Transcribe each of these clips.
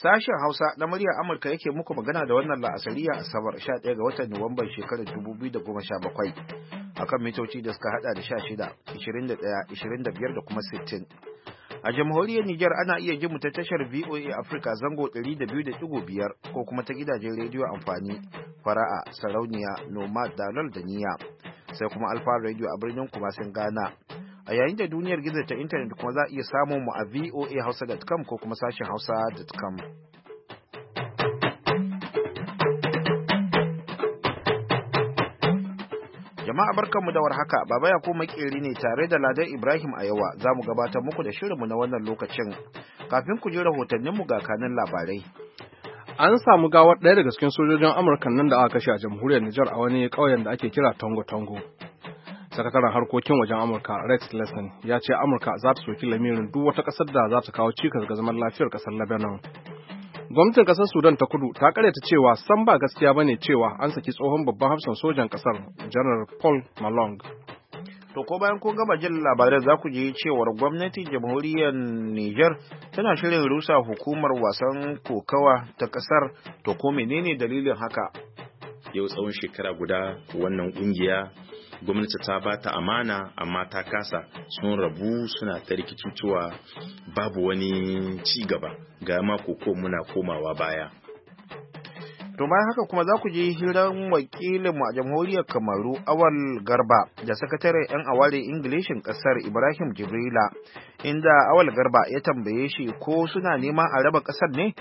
Sashen Hausa na murya Amurka yake muku magana da wannan la'asariya Asabar 11 ga watan Nuwamban shekarar 2017 akan mitoci da suka hada da 16, 21, 25 da kuma 60. A jamhuriyar Nijar ana iya jin ta tashar VOA Africa zango 200.5 ko kuma ta gidajen rediyo amfani fara'a sarauniya nomad dalal da niya sai kuma alfa radio a birnin kumasin gana A yayin da duniyar gizo ta intanet kuma za a iya samun mu a voahausa.com ko kuma sashen hausa.com. Jama'a barkanmu da warhaka, Baba ya kuma makeri ne tare da Ladan Ibrahim a yawa za mu gabatar muku da shirinmu na wannan lokacin. Kafin ku ji rahotanninmu ga kanin labarai. An samu gawar ɗaya daga cikin sojojin Amurka nan da aka kashe a jamhuriyar Nijar a wani ƙauyen da ake kira Tongo Tongo. Sakataren harkokin wajen Amurka Rex Lesson ya ce Amurka za ta soki lamirin duk wata ƙasar da za ta kawo cikas ga zaman lafiyar ƙasar Lebanon. Gwamnatin kasar Sudan ta kudu ta karyata cewa san ba gaskiya bane cewa an saki tsohon babban hafsan sojan ƙasar' General Paul Malong. To ko bayan kun gama jin labarai za ku je cewar gwamnatin jamhuriyar Nijar tana shirin rusa hukumar wasan kokawa ta ƙasar? to ko menene dalilin haka? Yau tsawon shekara guda wannan kungiya gwamnati ta ba ta amana amma ta kasa sun rabu suna ta rikicutuwa babu wani ci gaba ga mako ko muna komawa baya to bayan haka kuma za ku je hiran wakilin mu a jamhuriyar kamaru awal garba da sakataren yan aware ingilishin kasar ibrahim jibrila inda awal garba ya tambaye shi ko suna neman a raba kasar ne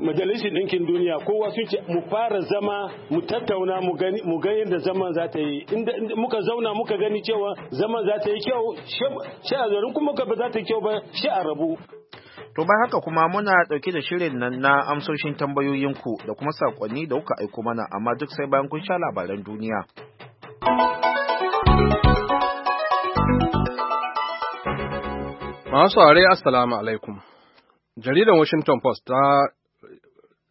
majalisar ɗinkin duniya kowa sun ce mu fara zama mu tattauna mu ga yadda zaman za ta yi inda muka zauna muka gani cewa zaman za ta yi kyau shi a zarin kuma ka ba za ta yi kyau ba shi a rabu to bayan haka kuma muna ɗauke da shirin nan na amsoshin tambayoyinku da kuma saƙonni da kuka aiko mana amma duk sai bayan kun sha labaran duniya masu are assalamu alaikum Jaridan Washington Post ta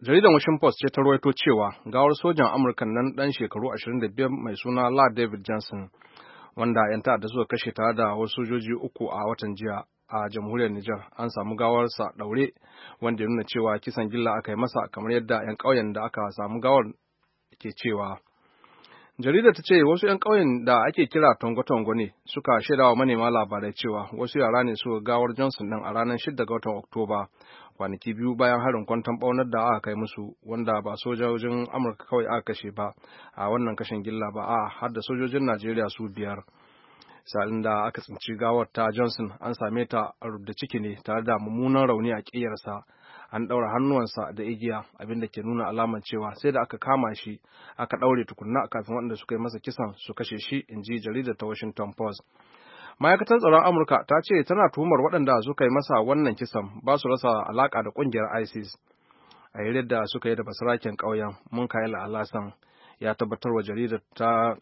jaridar Washington Post ce ta ruwaito cewa gawar sojan Amurka nan dan shekaru 25 mai suna La David Johnson wanda 'yan ta'adda suka kashe tare da wasu sojoji uku a watan jiya a jamhuriyar Nijar an samu gawarsa daure wanda ya nuna cewa kisan gilla aka yi masa kamar yadda 'yan ƙauyen da aka samu gawar ke cewa. Jaridar ta ce wasu 'yan ƙauyen da ake kira Tongo-Tongo ne suka shaida wa manema labarai cewa wasu yara ne suka gawar Johnson ɗin a ranar 6 ga watan Oktoba, kwanaki biyu bayan harin kwantan ɓaunar da aka kai musu wanda ba sojojin Amurka kawai aka kashe ba a wannan kashin gilla ba a har da sojojin Najeriya su biyar. Salin da aka tsinci gawar ta Johnson an same ta a rubda ciki ne tare da mummunan rauni a ƙiyarsa. an ɗaura hannuwansa da igiya abin da ke nuna alamar cewa sai da aka kama shi aka ɗaure tukunna kafin waɗanda suka yi masa kisan su kashe shi in ji jaridar ta washington post ma'aikatar tsaron amurka ta ce tana tuhumar waɗanda suka yi masa wannan kisan ba su rasa alaƙa da ƙungiyar isis a hirar da suka yi da basirakin ƙauyen kayi la'alasan ya tabbatar wa jaridar ta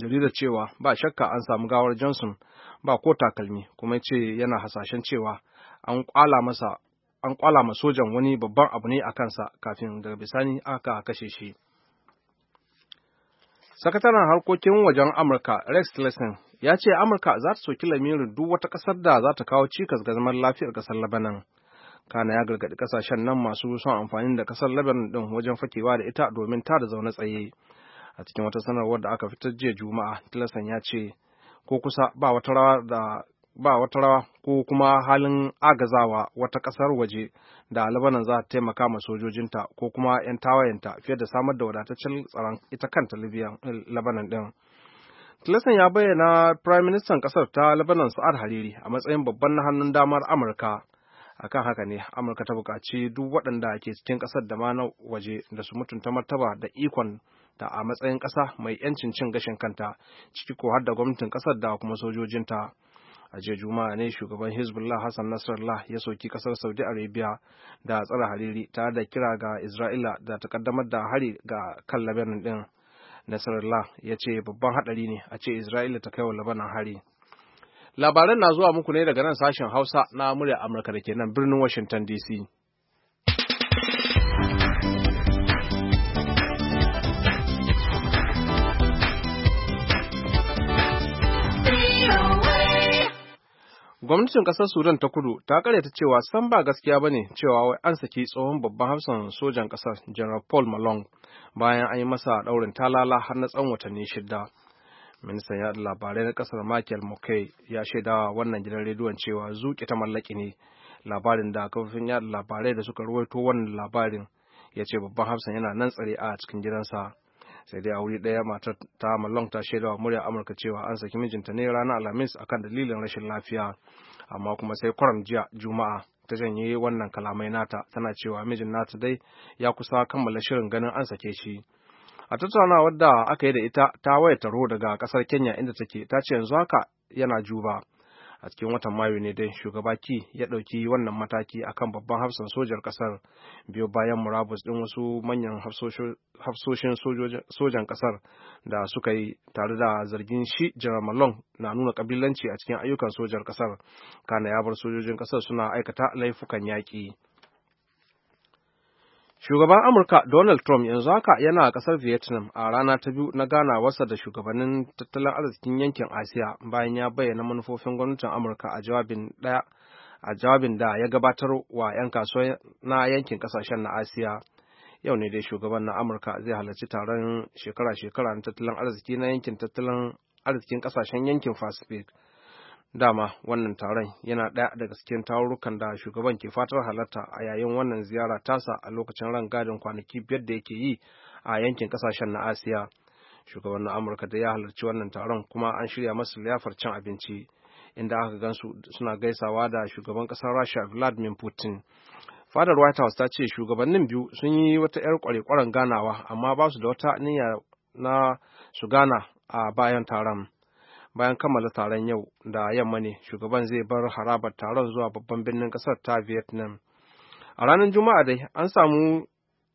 jaridar cewa ba shakka an samu gawar johnson ba ko takalmi kuma ce yana hasashen cewa an kwala masa an kwala ma sojan wani babban abu ne a kansa kafin daga bisani aka kashe shi sakataren harkokin wajen amurka rex tillerson ya ce amurka za ta soki lamirin duk wata ƙasar da za ta kawo cikas ga zaman lafiyar ƙasar labanan kana ya gargaɗi ƙasashen nan masu son amfani da ƙasar labanan ɗin wajen fakewa da ita domin ta da zaune tsaye a cikin wata sanarwar da aka fitar jiya juma'a tillerson ya ce ko kusa ba wata rawa da ba wata rawa ko kuma halin agazawa wata ƙasar waje da Lebanon za ta taimaka ma sojojinta ko kuma 'yan tawayenta fiye da samar da wadataccen tsaron ita kanta Lebanon ɗin. Tillerson ya bayyana Prime Ministan ƙasar ta Lebanon Sa'ad Hariri a matsayin babban na hannun damar Amurka. Akan haka ne, Amurka ta buƙaci duk waɗanda ke cikin ƙasar da ma na waje da su mutunta martaba da ikon ta a matsayin ƙasa mai 'yancin cin gashin kanta, ciki ko har da gwamnatin ƙasar da kuma sojojinta. a jiya juma'a ne shugaban hezbollah hassan nasrallah ya soki kasar saudi arabia da tsara hariri tare da kira ga isra'ila da ta kaddamar da hari ga kan labanin din nasrallah ya ce babban hadari ne a ce isra'ila ta kai wa labanan hari labaran na zuwa muku ne daga nan sashen hausa na murya amurka da ke nan birnin washington dc gwamnatin ƙasar sudan ta kudu ta karyata cewa san ba gaskiya ba ne," cewa wai an saki tsohon babban hafsan sojan ƙasar, general paul malong bayan an yi masa ɗaurin talala har na tsawon watanni shida ministan yaɗa labarai na ƙasar michael Mokai ya shaidawa wannan gidan rediyon cewa zuƙi ta mallaki ne labarin da kafofin yaɗa labarai da suka ruwaito wannan labarin ya ce babban hafsan yana nan tsare a cikin gidansa sai dai a wuri ɗaya matar ta malong ta shaidawa murya amurka cewa an saki mijinta ne ranar alhamis akan dalilin rashin lafiya amma kuma sai kwaram jiya juma'a ta janye wannan kalamai nata tana cewa mijin nata dai ya kusa kammala shirin ganin an sake shi a tattaunawar da aka yi da ita ta waya taro daga kasar kenya inda take ta ce yanzu haka yana juba a cikin watan mayu ne dai shugaba ki ya ɗauki wannan mataki akan babban hafsan sojar ƙasar biyo bayan murabus ɗin wasu manyan hafsoshin sojan ƙasar da suka yi tare da zargin shi jiran malon na nuna ƙabilanci a cikin ayyukan sojar ƙasar kana ya bar sojojin ƙasar suna aikata laifukan yaƙi. Shugaban Amurka Donald Trump yanzu haka yana a ƙasar Vietnam a rana ta biyu na ganawarsa da shugabannin tattalin arzikin yankin Asiya bayan ya bayyana manufofin gwamnatin Amurka a jawabin daya a jawabin da ya gabatar wa 'yan kasuwa na yankin kasashen na Asiya. Yau ne dai shugaban na Amurka zai halarci taron shekara-shekara na tattalin arziki na yankin tattalin arzikin ƙasashen yankin Pacific dama wannan taron yana ɗaya daga cikin tarurrukan da shugaban ke fatar halarta a yayin wannan ziyara tasa a lokacin rangadin kwanaki biyar da yake yi a yankin ƙasashen na asiya shugaban amurka da ya halarci wannan taron kuma an shirya masa liyafar cin abinci inda aka gansu suna gaisawa da shugaban ƙasar rasha vladimir putin fadar white house ta ce shugabannin biyu sun yi wata 'yar kwarekwaren ganawa amma ba su da wata niyya na su gana a bayan taron bayan kammala taron yau da yamma ne shugaban zai bar harabar taron zuwa babban birnin kasar ta vietnam a ranar juma'a dai an samu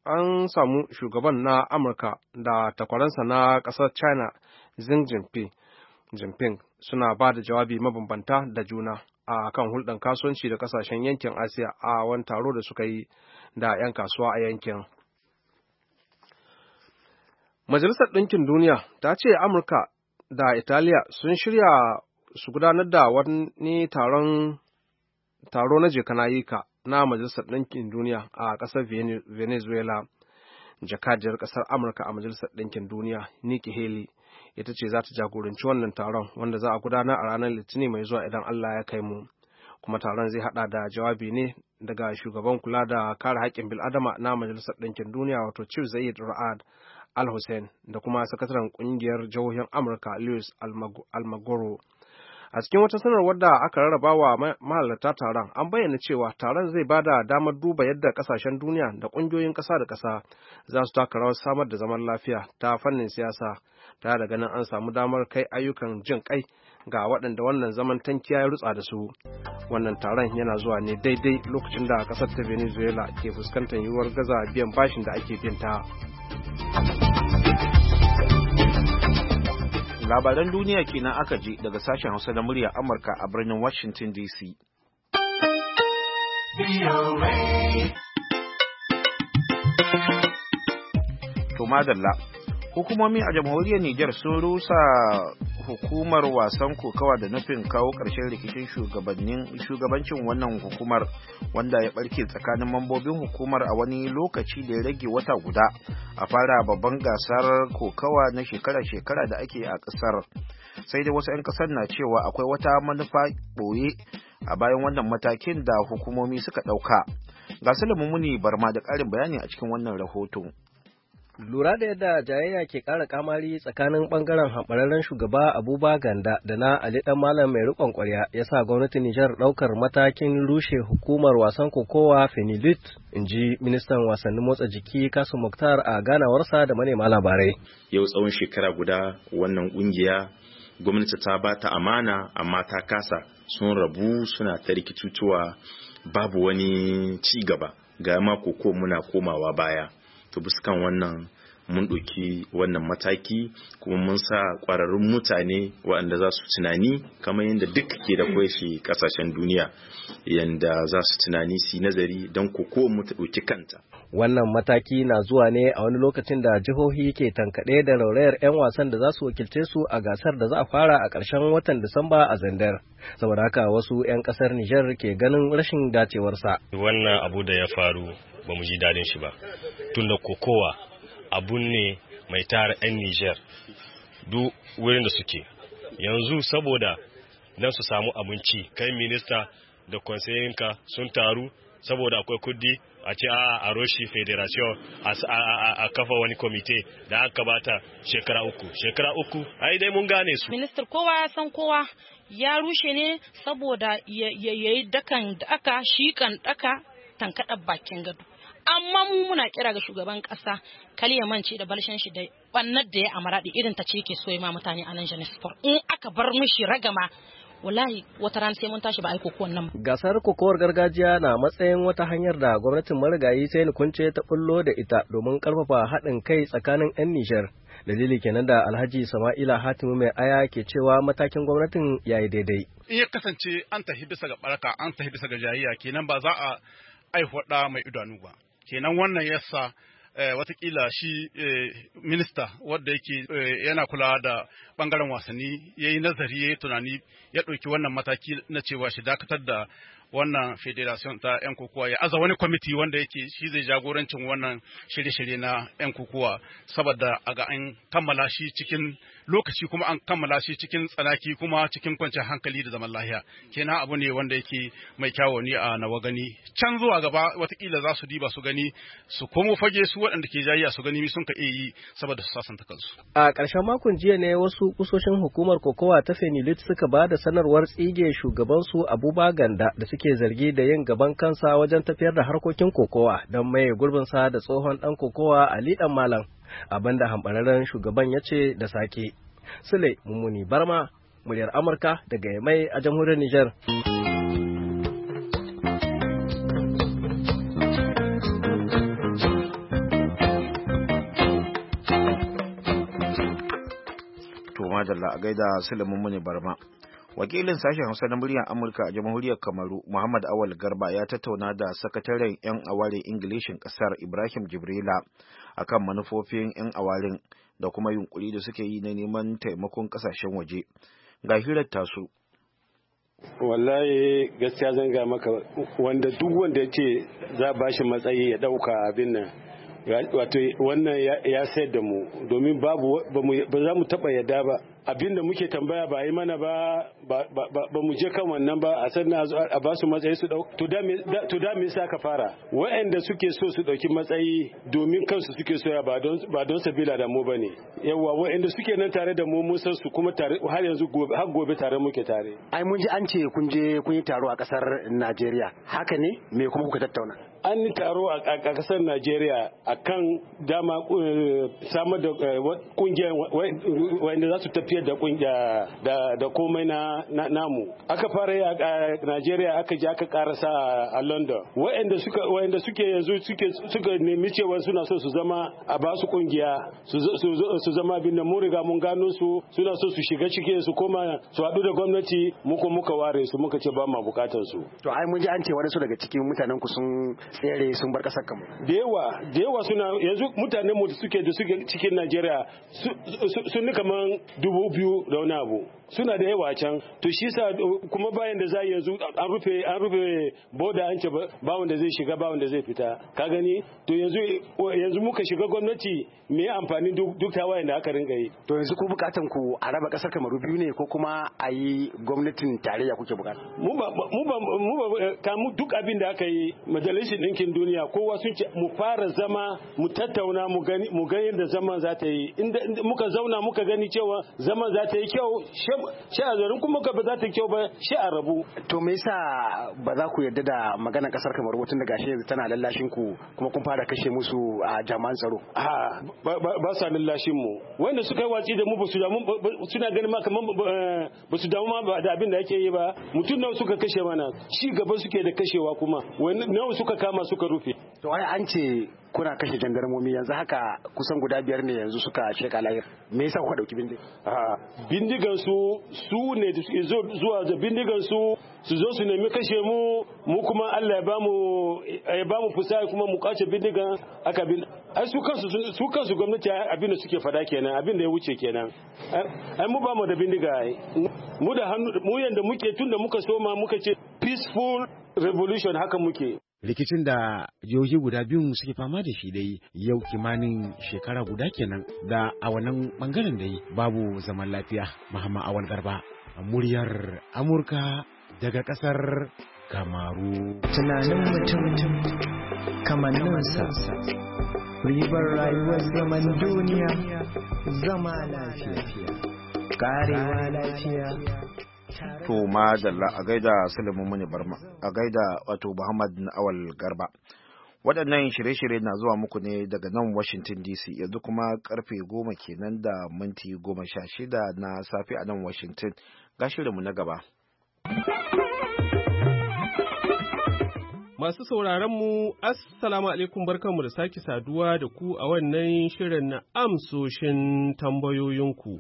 an samu shugaban na amurka da takwaransa na kasar china xi jinping suna ba da jawabi mabambanta da juna a kan hulɗar kasuwanci da kasashen yankin asiya a wani taro da suka yi da 'yan kasuwa a yankin majalisar ɗinkin duniya ta ce amurka da Italiya sun shirya su gudanar da wani taro na jekanayika na Majalisar Ɗinkin Duniya a ƙasar Venezuela. Jakadiyar ƙasar Amurka a Majalisar Ɗinkin Duniya, Nikki Haley, ita ce za ta jagoranci wannan taron wanda za a gudanar a ranar litini mai zuwa idan Allah ya kai mu. Kuma taron zai haɗa da jawabi ne daga shugaban kula da kare haƙƙin bil'adama na Majalisar Ɗinkin Duniya wato Chief Zayed Ra'ad al-hussein da kuma sakataren kungiyar jihohin amurka louis almagoro a cikin wata sanarwar da aka rarraba wa mahalarta taron an bayyana cewa taron zai ba da damar duba yadda kasashen duniya da kungiyoyin ƙasa da ƙasa za su taka rawar samar da zaman lafiya ta fannin siyasa ta da ganin an samu damar kai ayyukan jin kai ga waɗanda wannan zaman tankiya ya rutsa da su wannan taron yana zuwa ne daidai lokacin da ƙasar ta venezuela ke fuskantar yiwuwar gaza biyan bashin da ake binta. ta labaran duniya kenan aka je daga sashen hausa na murya amurka a birnin washington dc to madalla hukumomi a jamhuriyar Nijar sun rusa hukumar wasan kokawa da nufin kawo ƙarshen rikicin shugabancin wannan hukumar wanda ya barke tsakanin mambobin hukumar a wani lokaci da ya rage wata guda a fara babban gasar kokawa na shekara-shekara da ake a ƙasar sai dai wasu 'yan ƙasar na cewa akwai wata manufa ɓoye a bayan wannan matakin da hukumomi suka ɗauka ga muni barma da ƙarin bayani a cikin wannan rahoton Lura da yadda jayayya ke ƙara kamari tsakanin ɓangaren haɓararren shugaba Abuba Ganda da na Ali ɗan Malam mai riƙon ƙwarya ya sa gwamnatin Nijar ɗaukar matakin rushe hukumar wasan kokowa Fenilit, in ji ministan wasannin motsa jiki Kasu Muktar a ganawarsa da manema labarai. Yau tsawon shekara guda wannan ƙungiya gwamnati ta ba ta amana amma ta kasa sun rabu suna ta rikicutuwa babu wani ci gaba ga mako koko muna komawa baya. to buskan wannan mun ɗauki wannan mataki kuma mun sa ƙwararrun mutane waɗanda za su tunani kamar yadda duk ke da kwaishe ƙasashen duniya yadda za su tunani su nazari don ko ko ta ɗauki kanta Wannan mataki na zuwa ne a wani lokacin da jihohi ke tankaɗe da raurayar 'yan wasan da za su wakilce su a gasar da za a fara a ƙarshen watan Disamba a Zandar. Saboda haka wasu 'yan ƙasar Nijar ke ganin rashin dacewarsa. Wannan abu da ya faru ba mu ji daɗin shi ba. Tunda kokowa abu ne mai tara 'yan Nijar duk wurin da suke. Yanzu saboda nan su samu abinci kai minista da kwansayinka sun taru saboda akwai kudi a ce ah, a roshi federation a kafa wani komite da aka bata shekara uku shekara uku ai dai mun gane su minister kowa ya san kowa ya rushe ne saboda ya yi dakan daka kan daka tankaɗar bakin gado amma mu muna kira ga shugaban kasa kaliya mance da balshen shi da ɓannar da ya amara da irin ta ce ke so ya ma mutane a nan Johannesburg in aka bar mishi ragama wallahi wata rana sai mun tashi ba ai kokowar nan gasar kokowar gargajiya na matsayin wata hanyar da gwamnatin marigayi sai ni kunce ta bullo da ita domin karfafa haɗin kai tsakanin 'yan Nijar dalili kenan da alhaji sama'ila hatimu mai aya ke cewa matakin gwamnatin ya daidai in ya kasance an tafi bisa ga baraka an tafi bisa ga jayayya kenan ba za a aihuwa mai idanu ba kenan wannan yasa Eh, watakila shi eh, minista wadda yake eh, yana kulawa da bangaren wasanni ya yi nazari ya yi tunani ya ɗauki wannan mataki na cewa shi dakatar da wannan federation ta 'yan kukuwa ya aza wani kwamiti wanda yake shi zai jagorancin wannan shirye-shirye na 'yan kukuwa saboda a ga an kammala shi cikin lokaci kuma an kammala shi cikin tsanaki kuma cikin kwanciyar hankali da zaman lahiya kenan abu ne wanda yake mai kyawo a nawa gani can zuwa gaba watakila za su diba su gani su komo fage su waɗanda ke a su gani sun ka iya yi saboda su sasanta kansu a ƙarshen makon jiya ne wasu kusoshin hukumar kokowa ta senilit suka ba da sanarwar tsige shugabansu abuba ganda da suke suke zargi da yin gaban kansa wajen tafiyar da harkokin kokowa don maye gurbinsa da tsohon ɗan kokowa a liɗan Malam, abinda hambararren shugaban ya ce da sake. Sule Mummuni Barma, muryar Amurka daga mai a jamhuriyar Nijar. To, a gaida Sule Mummuni Barma. wakilin sashen hausa na muryar amurka a jamhuriyar kamaru muhammad awal garba ya tattauna da sakataren 'yan awarin ingilishin kasar ibrahim jibrila akan manufofin 'yan awarin da kuma yunkuri da suke yi na neman taimakon kasashen waje ga hirar tasu wallahi gaskiya zanga maka wanda duk wanda ya ce za ba shi matsayi ya dauka abin nan wato wannan ya sayar da mu domin babu ba za mu taba yadda ba abin da muke tambaya ba yi mana ba ba mu je kan wannan ba a sannan a ba su matsayi su dau to da me sa ka fara waɗanda suke so su ɗauki matsayi domin kansu suke soya ba don sabila da mu bane yawa waɗanda suke nan tare da mu mun san su kuma tare har yanzu gobe har gobe tare muke tare ai mun ji an ce kun je kun yi taro a ƙasar Najeriya haka ne me kuma kuka tattauna an yi taro a kasar najeriya a kan dama eh, samar da kungiyar eh, wanda za su tafiyar da komai na namu aka fara yi a najeriya aka ji aka karasa a london wa'anda suke yanzu suka nemi cewa suna so su zama a ba su kungiya su zama bin da mun riga mun gano su suna so su shiga ciki su koma su haɗu da gwamnati muka muka ware su muka ce ba ma bukatar su to ai mun ji an ce wani su daga cikin mutanen ku sun tsere sun bar kasar kamar da yawa da yawa suna yanzu mutanen mu da suke da suke cikin Najeriya sun kamar dubu biyu da wani abu suna da yawa can to shi sa kuma bayan da za yanzu an rufe an rufe boda an ce ba wanda zai shiga ba wanda zai fita ka gani to yanzu yanzu muka shiga gwamnati me amfani duk wayan da aka ringa yi to yanzu ku bukatan ku a raba kasar kamaru biyu ne ko kuma a yi gwamnatin tarayya kuke bukata mu ba mu ba mu ba eh, duk abin da aka yi majalisin ɗinkin duniya kowa sun ce mu fara zama mu tattauna mu gani mu ga yadda zaman za ta yi inda muka zauna muka gani cewa zaman za ta yi kyau shi a zarin kuma ka ba za ta kyau ba shi a rabu to me yasa ba za ku yarda da maganar kasar kamar wutun da gashi yanzu tana lallashin ku kuma kun fara kashe musu a jami'an tsaro a ba sa lallashin mu wanda suka yi watsi da mu ba su damu suna ganin ma kaman ba damu ma ba da abin da yake yi ba mutum nawa suka kashe mana shi gaba suke da kashewa kuma nawa suka kama suka rufe to ai an ce kuna kashe jandarmomi yanzu haka kusan guda biyar ne yanzu suka sheka lahir me yasa kuka dauki bindiga a bindigan su su ne da suke zuwa da bindigan su su zo su nemi kashe mu mu kuma Allah ya bamu ya bamu fusa kuma mu kace bindigan aka bin ai su kansu su kansu gwamnati abin da suke fada kenan abin da ya wuce kenan ai mu bamu da bindiga mu da hannu mu yanda muke tunda muka soma muka ce peaceful revolution haka muke rikicin da jihohi guda biyun suke fama da shi dai yau kimanin shekara guda kenan da a wannan bangaren dai babu zaman lafiya muhammad awal garba muryar amurka daga kasar kamaru tunanin mutum kamanninsa ribar rayuwar zaman duniya zama lafiya karewa lafiya To ma dalla a gaida Sulaiman Muni Barma a gaida wato Muhammad na Awal Garba. Waɗannan shirye-shirye na zuwa muku ne daga nan Washington DC yanzu kuma karfe goma kenan da minti goma sha shida na safe a nan Washington ga shirinmu na gaba. Masu sauraronmu, Assalamu alaikum barkanmu da sake saduwa da ku a wannan shirin na amsoshin tambayoyinku.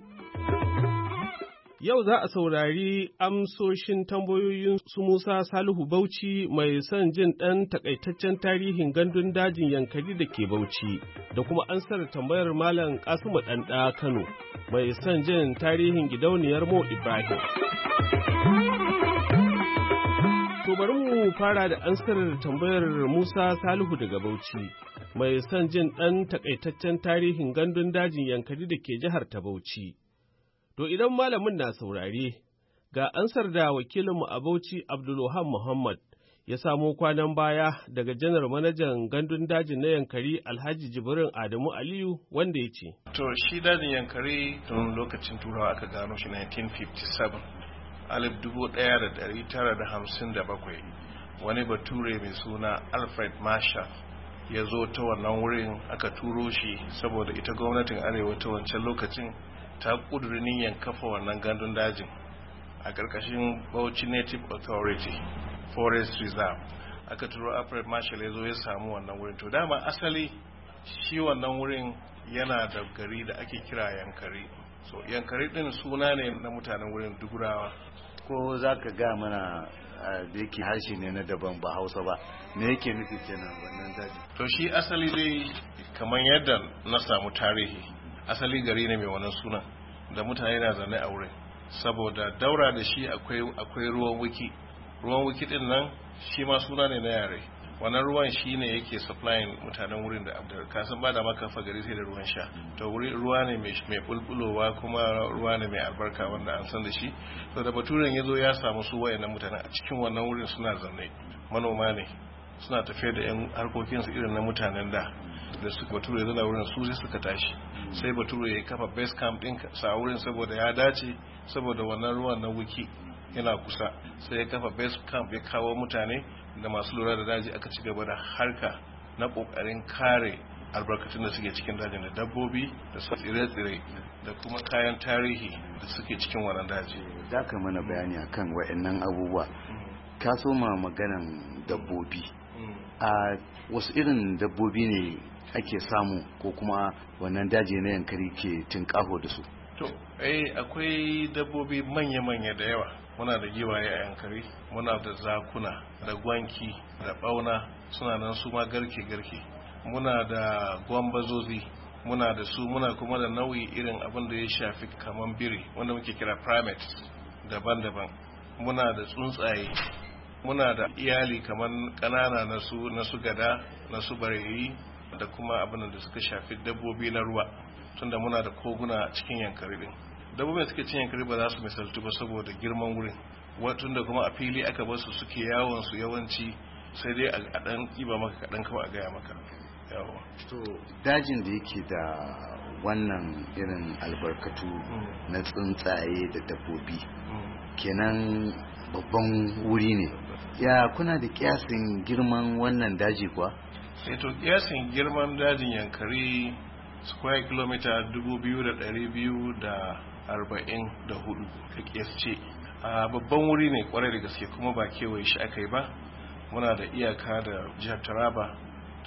Yau za a saurari amsoshin tambayoyin su Musa Salihu Bauchi mai son jin ɗan takaitaccen tarihin gandun dajin yankari da ke Bauchi da kuma ansar tambayar Malam Kasimu Ɗanɗa Kano mai son jin tarihin gidauniyar Mo Ibrahim. To bari mu fara da ansar tambayar Musa Salihu daga Bauchi mai son jin ɗan takaitaccen tarihin gandun dajin yankari da ke jihar ta Bauchi. To idan malamin na saurare, ga ansar da wakilinmu a Bauchi Abdulluhan Muhammad ya samo kwanan baya daga janar manajan gandun daji na yankari alhaji jibrin adamu aliyu wanda ya ce to shi dajin yankari tun lokacin turawa aka gano shi 1957 alif 1957 wani bature mai suna alfred marshall ya zo ta wannan wurin aka turo shi saboda ita gwamnatin arewa ta wancan lokacin ta ƙudurin niyyar kafa wannan gandun dajin a ƙarƙashin bauchi native authority forest reserve aka turo april Marshall ya zo ya samu wannan wurin to dama asali shi wannan wurin yana da gari da ake kira yankari so yankari din suna ne na mutanen wurin dugurawa ko za ka ga mana da yake harshe ne na daban ba hausa ba ne yake nufi kenan wannan daji to shi asali dai kamar yadda na samu tarihi asali gari ne mai wani suna da mutane na zane a wurin saboda daura da shi akwai ruwan wiki ruwan wiki din nan shi ma suna ne na yare wannan ruwan shi ne yake supplying mutanen wurin da kasan ba da makafa gari sai da ruwan sha to ruwa ne mai bulbulowa kuma ruwa ne mai albarka wanda an san da shi to da baturen ya zo ya samu su wayannan mutane a cikin wannan wurin suna zanne manoma ne suna tafiya da yan harkokinsu irin na mutanen da da su bature zana wurin su sai suka tashi sai bature ya kafa base camp din sa wurin saboda ya dace saboda wannan ruwan na wiki yana kusa sai ya kafa base camp ya kawo mutane da masu lura da daji aka ci gaba da harka na kokarin kare albarkatun da suke cikin dajin da dabbobi da su tsire-tsire da kuma kayan tarihi da suke cikin wannan daji za ka mana bayani akan wayannan abubuwa ka soma maganan dabbobi mm. a wasu irin dabbobi ne ake samu ko kuma wannan daji na yankari ke tinkaho da su to eh akwai dabbobi manya-manya da yawa muna da giwaye a yankari muna da zakuna da gwanki da bauna suna nan su ma garke-garke muna da gwambazozi muna da su muna kuma da nau'i irin abin da ya shafi kaman biri wanda muke kira primates daban-daban muna da tsuntsaye muna da iyali kaman ƙanana na su gada na su bareyi da kuma abin da suka shafi dabbobi na ruwa tunda muna da koguna cikin yankari dabbobin suke cikin yankari ba za su misaltu ba saboda girman wurin watun da kuma a fili aka bar su suke yawon su yawanci sai dai a dan kiba maka kadan kawai a gaya maka yawo to dajin da yake da wannan irin albarkatu mm. na tsuntsaye da dabbobi mm. kenan babban wuri ne ya kuna da kiyasin girman wannan daji kuwa sai eh to kiyasin girman dajin yankari square kilometer 2,244 ka kiyasce a babban wuri ne kwarai da gaske kuma ba kewaye shi aka yi ba muna da iyaka da jihar taraba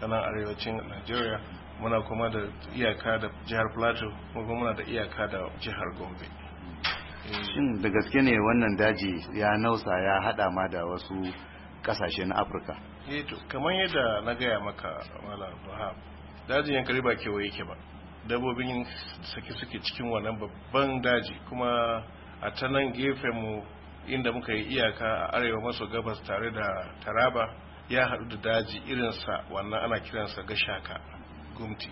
ta nan arewacin nigeria muna kuma da iyaka da jihar plateau kuma muna da iyaka da jihar gombe eh. shin da gaske ne wannan daji ya nausa ya hada ma da wasu kasashe na afirka eh kamar yadda na gaya maka malam bahab dajin yankari ba kewaye ke ba dabbobin sake suke cikin wannan babban daji kuma a ta nan gefen mu inda muka yi iyaka a arewa maso gabas tare da taraba ya haɗu da daji irin irinsa wannan ana kiransa gashaka gumti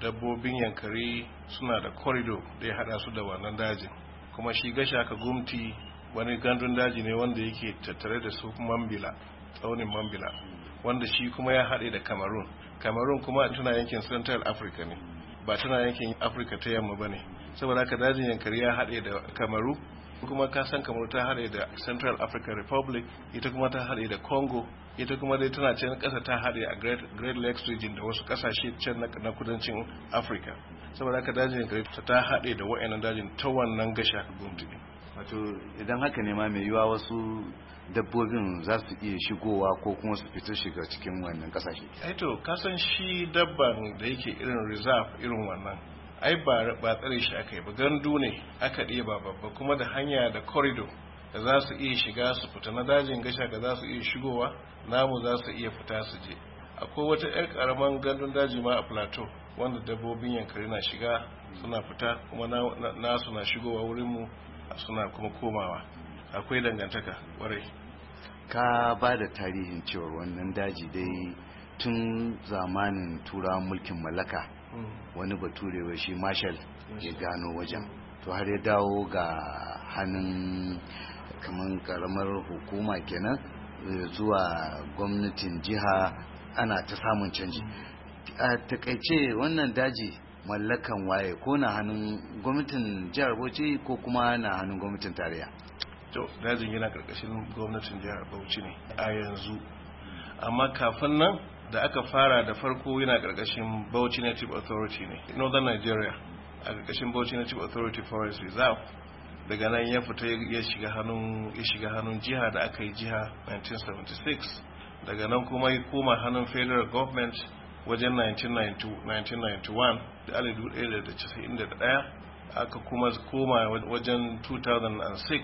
dabbobin yankari suna da korido da ya haɗa su da wannan daji kuma shi gashaka gumti wani gandun daji ne wanda yake tattare da su mambila tsaunin mambila wanda shi kuma ya haɗe da cameroon cameroon kuma tana yankin central africa ne ba tana yankin Africa ta yamma ba ne saboda haka dajin yankari ya haɗe da kamaru kuma ka san Cameroon ta haɗe da central african republic ita kuma ta haɗe da congo ita kuma dai tana can ƙasa ta haɗe a great lakes region da wasu ƙasashe can na kudancin Africa saboda haka dajin yankari ta haɗe da wa'annan dajin ta wannan gasha gundume wato idan haka ne ma mai yiwa wasu dabbobin za su iya shigowa ko kuma su fito shiga cikin wannan kasashe aito eh kasan shi dabban da yake irin reserve irin wannan ai ba ba tsare shi aka yi ba gandu ne aka ɗeba babba kuma da hanya da corridor da za su iya shiga su fita na dajin gasha ga za su iya shigowa namu za su iya fita su je akwai wata ƴar karaman gandun daji ma a plateau wanda dabbobin yankari na shiga suna fita kuma nasu na shigowa wurinmu suna kuma komawa akwai dangantaka kwarai ka ba da tarihin cewa wannan daji dai tun zamanin tura mulkin mallaka mm. wani baturewa shi marshal ya gano wajen mm. to har ya dawo ga hannun kamar karamar hukuma kenan eh, zuwa gwamnatin jiha ana ta samun canji mm. a takaice wannan daji mallakan waye ko na hannun gwamnatin jihar bauchi ko kuma na hannun gwamnatin tarayya to dajin yana karkashin gwamnatin jihar bauchi ne a yanzu amma kafin nan da aka fara da farko yana karkashin bauchi native authority ne northern nigeria a karkashin bauchi native authority forest reserve daga nan ya fita ya shiga hannun ya shiga hannun jiha da aka yi jiha 1976 daga nan kuma ya koma hannun federal government wajen 1991 da 1991 aka kuma koma wajen 2006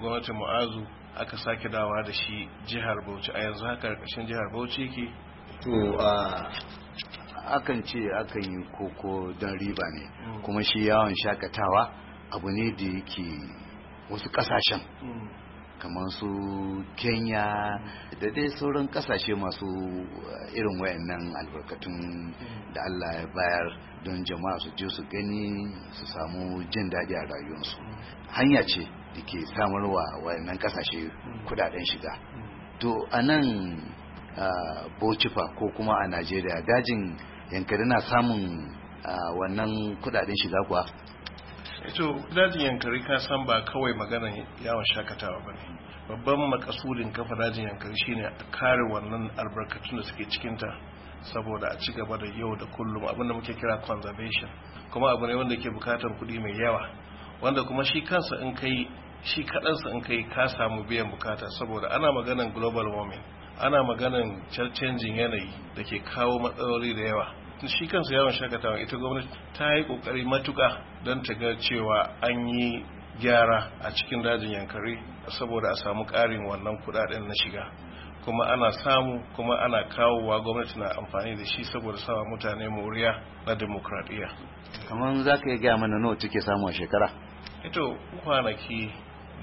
gwamnatin mu'azu aka sake dawa da shi jihar bauchi a yanzu haka karkashin jihar bauchi ke to a akan ce akan yi koko don riba ne mm. kuma shi yawon shakatawa abu ne da yake wasu kasashen mm. kamar su kenya da dai sauran ƙasashe masu eh, irin wayannan albarkatun mm. da allah ya bayar don jama'a su je su gani su samu jin daɗi a rayuwarsu hanya ce da ke samar wa wayannan kasashe kudaden shiga to a nan bocifa ko kuma a najeriya dajin yankari na samun wannan kudaden shiga kuwa eh, to dajin yankari ka san ba kawai maganar yawon shakatawa ba ne babban makasudin kafa dajin yankari shine a kare wannan albarkatun da suke cikinta saboda a ci gaba da yau da kullum abinda muke kira conservation kuma abu ne wanda ke bukatar kuɗi mai yawa wanda kuma shi kansa in kai shi in kai ka samu biyan bukata saboda ana maganan global warming ana maganan canjin yanayi da ke kawo matsaloli da yawa shi kansa yawon shakatawa ita gwamnati ta yi ƙoƙari matuƙa don ta ga cewa an yi gyara a cikin dajin yankari saboda a samu karin wannan kuɗaɗen na shiga kuma ana samu kuma ana kawowa gwamnati na amfani da shi saboda sawa mutane moriya na demokradiyya kamar za ka yi gaya mana nawa take samu shekara ito kwanaki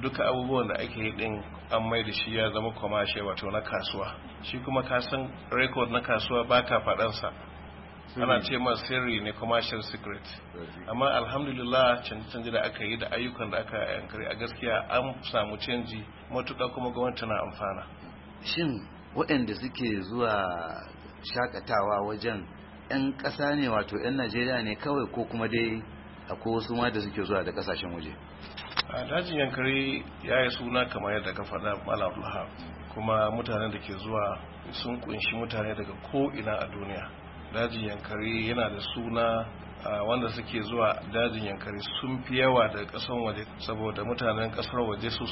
duka abubuwan da ake yi din an mai da shi ya zama shi wato na kasuwa shi kuma kasan rekod na kasuwa baka sa. ana ce ma sirri ne commercial secret amma alhamdulillah canji canji da aka yi da ayyukan da aka yankari a gaskiya an samu canji matuƙa kuma gwamnati na amfana shin waɗanda suke zuwa shakatawa wajen 'yan ƙasa ne wato 'yan najeriya ne kawai ko kuma dai akwai wasu ma da suke zuwa da ƙasashen waje a dajin yankari ya yi suna kamar yadda ka faɗa malam kuma mutanen da ke zuwa sun kunshi mutane daga ko'ina a duniya dajin yankari yana da suna a wanda suke zuwa dajin yankari sun fi yawa daga ƙasan waje saboda mutanen kasar waje su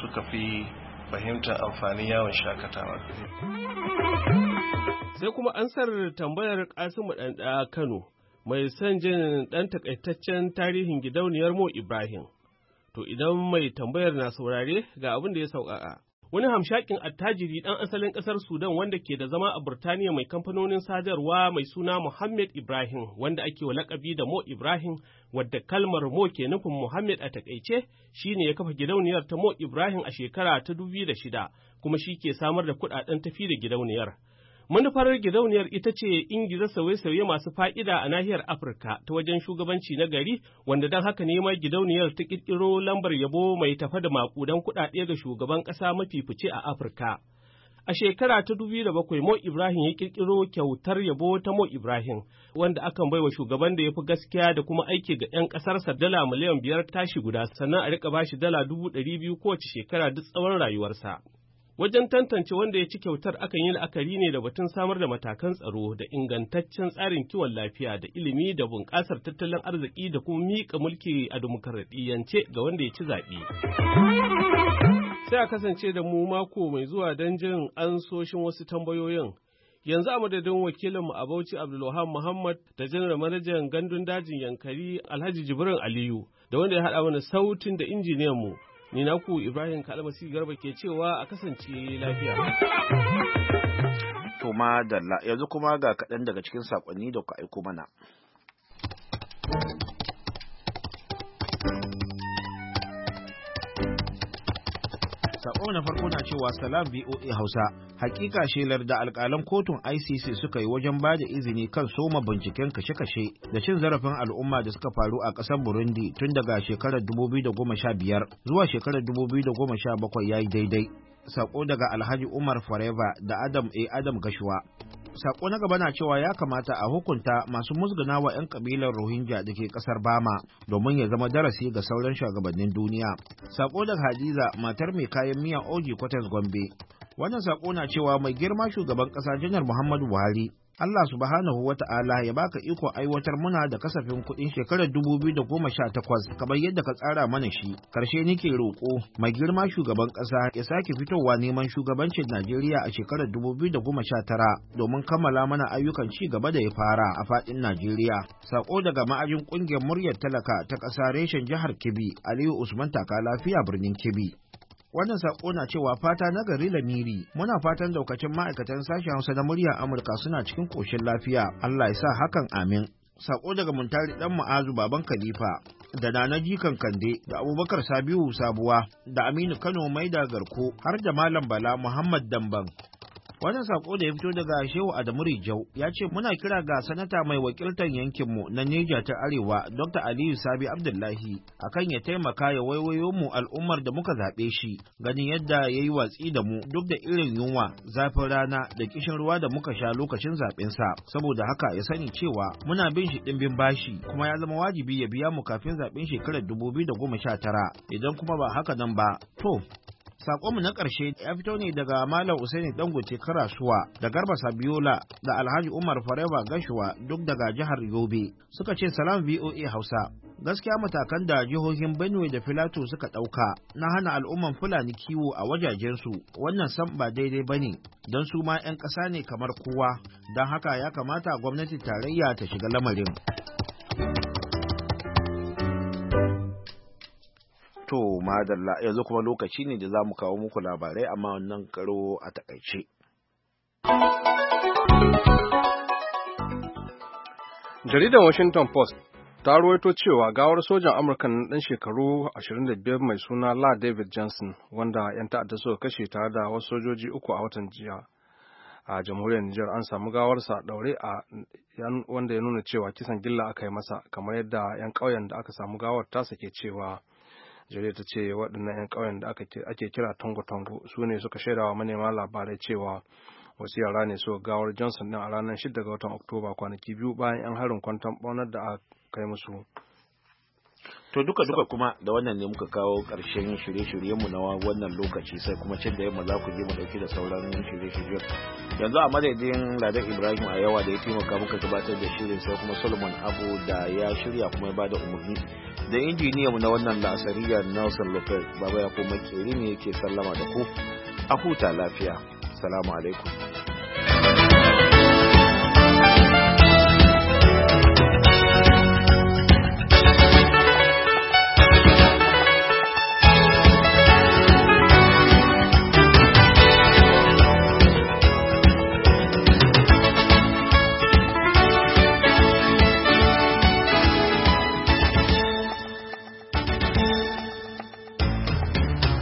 suka fi fahimtar amfanin yawon shakatawa. Sai kuma an da tambayar Kasimu ɗanɗa Kano mai son jin ɗan takaitaccen tarihin gidauniyar Mo Ibrahim. To idan mai tambayar na saurare ga abin da ya sauƙaƙa. wani hamshakin attajiri ɗan asalin ƙasar Sudan wanda ke da zama a Burtaniya mai kamfanonin sadarwa mai suna Mohammed Ibrahim wanda ake wa lakabi da Mo Ibrahim wadda kalmar Mo ke nufin Mohammed a takaice shine ya kafa gidauniyar ta Mo Ibrahim a shekara ta shida, kuma shi ke samar da kuɗaɗen tafi da gidauniyar. Manufar gidauniyar ita ce ingiza sauye-sauye masu fa'ida a nahiyar Afirka ta wajen shugabanci na gari, wanda don haka ne ma gidauniyar ta ƙirƙiro lambar yabo mai tafa da maƙudan kuɗaɗe ga shugaban ƙasa mafi fice a Afirka. A shekara ta bakwai, Mo Ibrahim ya ƙirƙiro kyautar yabo ta Mo Ibrahim, wanda akan baiwa shugaban da ya fi gaskiya da kuma aiki ga 'yan ƙasarsa dala miliyan biyar tashi guda, sannan a riƙa bashi dala dubu ɗari biyu kowace shekara duk tsawon rayuwarsa. Wajen tantance wanda ya ci kyautar akan yi la'akari ne da batun samar da matakan tsaro da ingantaccen tsarin kiwon lafiya da ilimi da bunƙasar tattalin arziki da kuma miƙa mulki a dimokuraɗiyyance ga wanda ya ci zaɓe. Sai a kasance da mu mako mai zuwa don jin ansoshin wasu tambayoyin. Yanzu a madadin wakilinmu a Bauchi Abdulwahab Muhammad da janar manajan gandun dajin Yankari Alhaji Jibrin Aliyu da wanda ya haɗa mana sautin da injiniyan mu Ni naku Ibrahim Kalmasi Garba ke cewa a kasance lafiya. To yanzu kuma ga kaɗan daga cikin saƙonni da ku aiko mana. Sako na farko na cewa Salam BOA Hausa hakika shelar da alkalan kotun ICC suka yi wajen bada izini kan soma binciken kashe-kashe da cin zarafin al'umma da suka faru a ƙasar Burundi tun daga shekarar 2015 zuwa shekarar 2017 ya yi daidai. Sako daga Alhaji Umar Forever da Adam A. Adam Gashuwa. sako na gaba na cewa ya kamata a hukunta masu musguna wa 'yan kabilar rohingya da ke kasar bama domin ya zama darasi ga sauran shugabannin duniya sako daga hadiza matar mai kayan miyan oji kwatas gombe wannan sako na cewa mai girma shugaban kasa janar muhammadu buhari Allah subhanahu wa ta'ala ya baka iko aiwatar muna da kasafin kuɗin shekarar dubu biyu da 2018 kamar yadda ka tsara mana shi. Karshe nake roƙo mai girma shugaban ƙasa ya sake fitowa neman shugabancin Najeriya a shekarar da goma sha tara, domin kammala mana ayyukan ci gaba da ya fara a faɗin Najeriya. Sako daga ma'ajin ƙungiyar muryar talaka ta ƙasa reshen jihar Kebbi Aliyu Usman Taka lafiya birnin Kebbi. Wannan sako na cewa fata na gari lamiri muna fatan daukacin ma'aikatan sashen Hausa na muryar Amurka suna cikin koshin lafiya. Allah ya sa hakan amin. Sako daga Muntari dan Ma'azu baban Khalifa da Nana Jikan Kande da Abubakar Sabiu Sabuwa da Aminu Kano mai da Garko har da Malam Bala Muhammad Damban Wannan sako da ya fito daga Shehu Adamu Rijau ya ce muna kira ga sanata mai wakiltar yankinmu na Neja ta Arewa Dr. Aliyu Sabi Abdullahi akan ya taimaka ya waiwayo mu al'ummar da muka zaɓe shi ganin yadda ya yi watsi da mu duk da irin yunwa zafin rana da kishin ruwa da muka sha lokacin zaɓensa saboda haka ya sani cewa muna bin shi ɗimbin bashi kuma ya zama wajibi ya biya mu kafin zaɓen shekarar biyu da goma sha tara idan kuma ba haka nan ba to Sakonmu na ƙarshe ya fito ne daga Malam Usaini Dangote Karasuwa da Garba Sabiola da Alhaji Umar Fareba Gashuwa duk daga jihar Yobe. Suka ce salam VOA Hausa. Gaskiya matakan da jihohin Benue da Filato suka ɗauka na hana al'umman Fulani kiwo a wajajensu wannan san ba daidai ba ne don su ma 'yan ƙasa ne kamar kowa don haka ya kamata gwamnati tarayya ta shiga lamarin. To madalla yanzu kuma lokaci ne da za mu kawo muku labarai amma wannan karo a takaice. Jaridar Washington Post ta ruwaito cewa gawar sojan Amurka na ɗan shekaru 25 mai suna La David Johnson wanda 'yan ta'adda suka kashe tare da wasu sojoji uku a watan jiya. A jamhuriyar Nijar an samu gawarsa daure a wanda ya nuna cewa kisan gilla aka yi masa kamar yadda 'yan ƙauyen da aka samu gawar tasa ke cewa. jarida ta ce waɗannan 'yan ƙauyen da ake kira tango-tango su ne suka shaida wa manema labarai cewa wasu yara ne suka gawar johnson din a ranar 6 ga watan oktoba kwanaki biyu bayan 'yan harin kwanton ɓaunar da aka kai musu To duka duka kuma da wannan ne muka kawo ƙarshen shirye mu na wannan lokaci sai kuma cin da yamma za ku je mu dauki da sauran shirye-shirye. Yanzu a madadin Ladan Ibrahim a yawa da ya taimaka muka gabatar da shirin sai kuma Solomon Abu da ya shirya kuma ya bada umarni. Da mu na wannan lasariya Nelson Lopez baba ya kuma kere ne yake sallama da ku. A huta lafiya. Salamu alaikum.